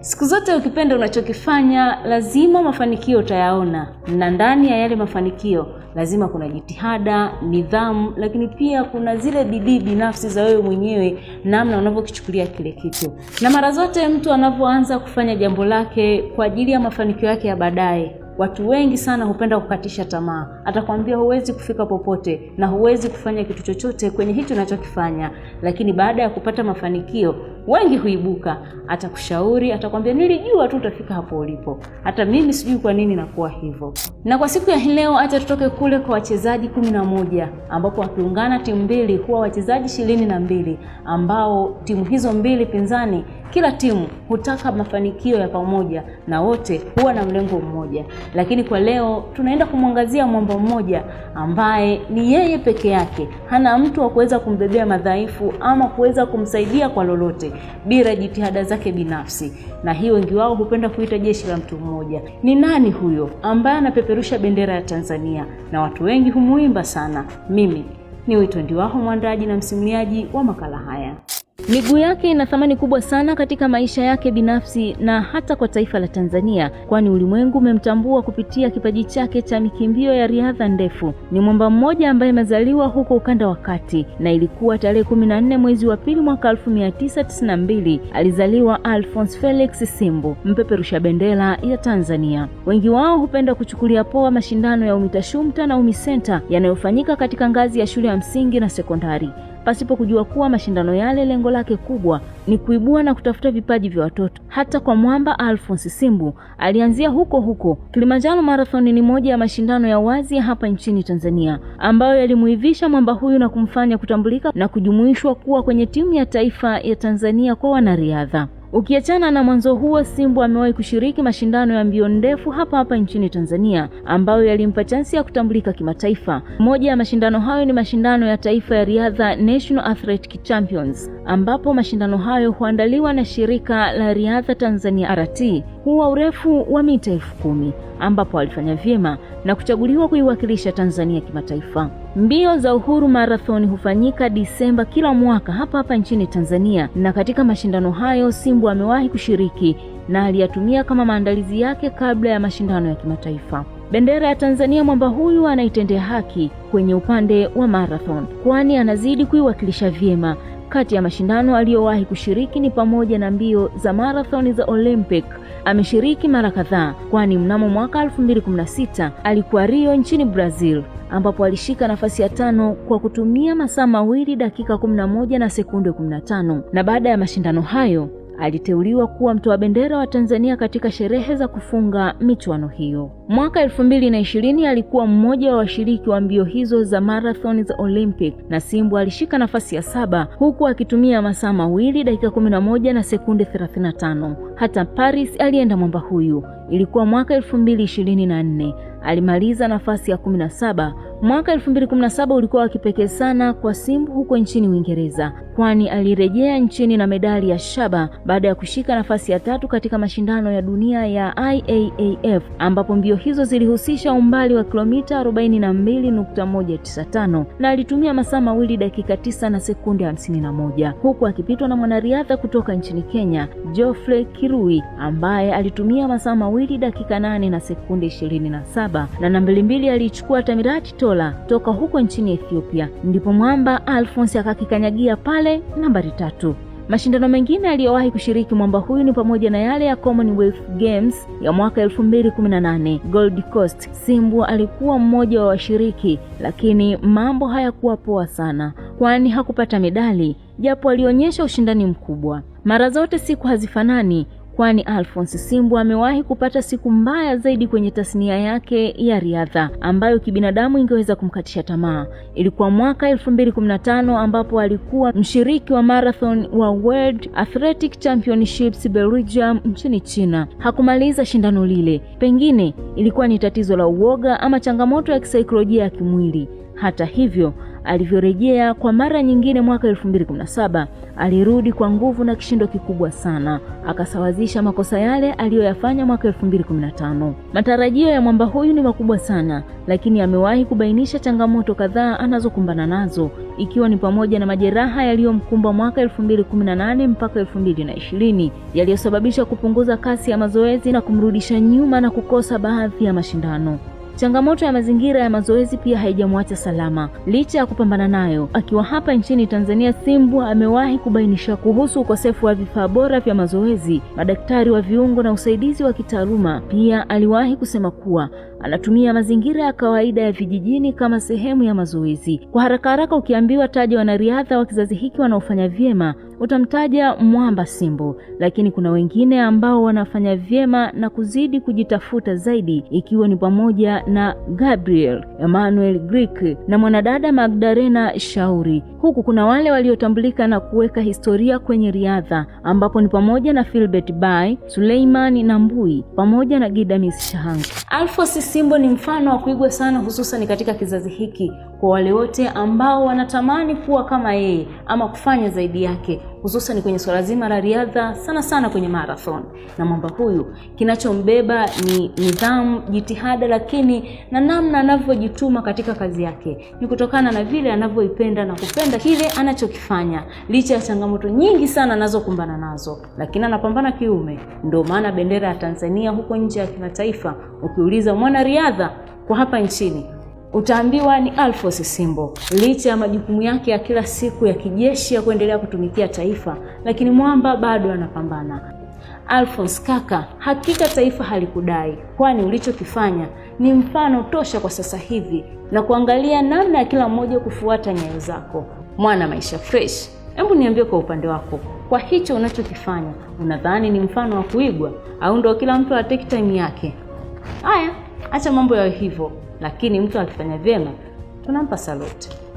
Siku zote ukipenda unachokifanya, lazima mafanikio utayaona, na ndani ya yale mafanikio lazima kuna jitihada, nidhamu, lakini pia kuna zile bidii binafsi za wewe mwenyewe, namna unavyokichukulia kile kitu. Na mara zote mtu anapoanza kufanya jambo lake kwa ajili ya mafanikio yake ya baadaye Watu wengi sana hupenda kukatisha tamaa, atakwambia huwezi kufika popote na huwezi kufanya kitu chochote kwenye hicho unachokifanya. Lakini baada ya kupata mafanikio, wengi huibuka, atakushauri, atakwambia nilijua tu utafika hapo ulipo, hata mimi sijui kwa nini nakuwa hivyo. Na kwa siku ya leo hata tutoke kule kwa wachezaji kumi na moja ambapo wakiungana timu mbili huwa wachezaji ishirini na mbili ambao timu hizo mbili pinzani kila timu hutaka mafanikio ya pamoja na wote huwa na mlengo mmoja, lakini kwa leo tunaenda kumwangazia mwamba mmoja ambaye ni yeye peke yake, hana mtu wa kuweza kumbebea madhaifu ama kuweza kumsaidia kwa lolote bila jitihada zake binafsi, na hii wengi wao hupenda kuita jeshi la mtu mmoja. Ni nani huyo ambaye anapeperusha bendera ya Tanzania na watu wengi humuimba sana? Mimi ni Witondi wako mwandaji na msimuliaji wa makala haya. Miguu yake ina thamani kubwa sana katika maisha yake binafsi na hata kwa taifa la Tanzania, kwani ulimwengu umemtambua kupitia kipaji chake cha mikimbio ya riadha ndefu. Ni mwamba mmoja ambaye amezaliwa huko ukanda wa kati, na ilikuwa tarehe kumi na nne mwezi wa pili mwaka 1992 alizaliwa Alphonse Felix Simbu, mpeperusha bendera ya Tanzania. Wengi wao hupenda kuchukulia poa mashindano ya umitashumta na UMISENTA yanayofanyika katika ngazi ya shule ya msingi na sekondari pasipo kujua kuwa mashindano yale lengo lake kubwa ni kuibua na kutafuta vipaji vya watoto. Hata kwa mwamba Alphonse Simbu alianzia huko huko. Kilimanjaro Marathon ni moja ya mashindano ya wazi ya hapa nchini Tanzania ambayo yalimuivisha mwamba huyu na kumfanya kutambulika na kujumuishwa kuwa kwenye timu ya taifa ya Tanzania kwa wanariadha. Ukiachana na mwanzo huo, Simbu amewahi kushiriki mashindano ya mbio ndefu hapa hapa nchini Tanzania ambayo yalimpa chansi ya kutambulika kimataifa. Moja ya mashindano hayo ni mashindano ya taifa ya riadha National Athletic Champions ambapo mashindano hayo huandaliwa na shirika la riadha Tanzania RT huwa urefu wa mita elfu kumi ambapo alifanya vyema na kuchaguliwa kuiwakilisha Tanzania kimataifa. Mbio za Uhuru Marathon hufanyika Disemba kila mwaka hapa hapa nchini Tanzania, na katika mashindano hayo Simbu amewahi kushiriki na aliyatumia kama maandalizi yake kabla ya mashindano ya kimataifa. Bendera ya Tanzania mwamba huyu anaitendea haki kwenye upande wa marathon, kwani anazidi kuiwakilisha vyema kati ya mashindano aliyowahi kushiriki ni pamoja na mbio za marathoni za Olympic. Ameshiriki mara kadhaa, kwani mnamo mwaka 2016 alikuwa Rio nchini Brazil ambapo alishika nafasi ya tano kwa kutumia masaa mawili dakika 11 na sekunde 15, na baada ya mashindano hayo aliteuliwa kuwa mtoa bendera wa Tanzania katika sherehe za kufunga michuano hiyo. Mwaka 2020 alikuwa mmoja wa washiriki wa mbio hizo za marathon za Olympic na Simbu alishika nafasi ya saba huku akitumia masaa mawili dakika 11 na sekunde 35. Hata Paris alienda mwamba huyu. Ilikuwa mwaka 2024, alimaliza nafasi ya 17 Mwaka 2017 ulikuwa wa kipekee sana kwa Simbu huko nchini Uingereza, kwani alirejea nchini na medali ya shaba baada ya kushika nafasi ya tatu katika mashindano ya dunia ya IAAF ambapo mbio hizo zilihusisha umbali wa kilomita 42.195 na alitumia masaa mawili dakika 9 na sekunde 51 huku akipitwa na mwanariadha kutoka nchini Kenya Geoffrey Kirui ambaye alitumia masaa mawili dakika 8 na sekunde 27 na nambari mbili alichukua Tamirati Ndola toka huko nchini Ethiopia, ndipo mwamba Alphonse akakikanyagia pale nambari tatu. Mashindano mengine aliyowahi kushiriki mwamba huyu ni pamoja na yale ya Commonwealth Games ya mwaka 2018 Gold Coast. Simbu alikuwa mmoja wa washiriki, lakini mambo hayakuwa poa sana, kwani hakupata medali japo alionyesha ushindani mkubwa. Mara zote siku hazifanani, kwani Alphonce Simbu amewahi kupata siku mbaya zaidi kwenye tasnia yake ya riadha ambayo kibinadamu ingeweza kumkatisha tamaa. Ilikuwa mwaka 2015 ambapo alikuwa mshiriki wa marathon wa World Athletic Championships Belgium nchini China. Hakumaliza shindano lile, pengine ilikuwa ni tatizo la uoga ama changamoto ya kisaikolojia ya kimwili. Hata hivyo, alivyorejea kwa mara nyingine mwaka 2017 Alirudi kwa nguvu na kishindo kikubwa sana, akasawazisha makosa yale aliyoyafanya mwaka 2015. Matarajio ya mwamba huyu ni makubwa sana, lakini amewahi kubainisha changamoto kadhaa anazokumbana nazo ikiwa ni pamoja na majeraha yaliyomkumba mwaka 2018 mpaka 2020 yaliyosababisha kupunguza kasi ya mazoezi na kumrudisha nyuma na kukosa baadhi ya mashindano. Changamoto ya mazingira ya mazoezi pia haijamwacha salama licha ya kupambana nayo. Akiwa hapa nchini Tanzania, Simbu amewahi kubainisha kuhusu ukosefu wa vifaa bora vya mazoezi, madaktari wa viungo na usaidizi wa kitaaluma. Pia aliwahi kusema kuwa anatumia mazingira ya kawaida ya vijijini kama sehemu ya mazoezi. Kwa haraka haraka, ukiambiwa taja wanariadha wa kizazi hiki wanaofanya vyema, utamtaja Mwamba Simbo, lakini kuna wengine ambao wanafanya vyema na kuzidi kujitafuta zaidi, ikiwa ni pamoja na Gabriel Emmanuel Greek na mwanadada Magdalena Shauri, huku kuna wale waliotambulika na kuweka historia kwenye riadha ambapo ni pamoja na Philbert Bai, Suleiman Nambui pamoja na Gidamis Shahang Alphonse simbo ni mfano wa kuigwa sana, hususan katika kizazi hiki, kwa wale wote ambao wanatamani kuwa kama yeye ama kufanya zaidi yake hususan kwenye swala zima la riadha, sana sana kwenye marathon. Na mwamba huyu kinachombeba ni nidhamu, jitihada, lakini na namna anavyojituma katika kazi yake ni kutokana na vile anavyoipenda na kupenda kile anachokifanya, licha ya changamoto nyingi sana anazokumbana nazo, lakini anapambana kiume. Ndio maana bendera ya Tanzania huko nje ya kimataifa, ukiuliza mwanariadha kwa hapa nchini utaambiwa ni Alphonce Simbo, licha ya majukumu yake ya kila siku ya kijeshi ya kuendelea kutumikia taifa, lakini mwamba bado anapambana. Alphonce kaka, hakika taifa halikudai, kwani ulichokifanya ni mfano tosha kwa sasa hivi na kuangalia namna ya kila mmoja kufuata nyayo zako. Mwana Maisha Fresh, hebu niambie kwa upande wako, kwa hicho unachokifanya unadhani ni mfano wa kuigwa au ndio kila mtu ateki time yake? Haya, acha mambo yawe hivyo lakini mtu akifanya vyema tunampa saluti.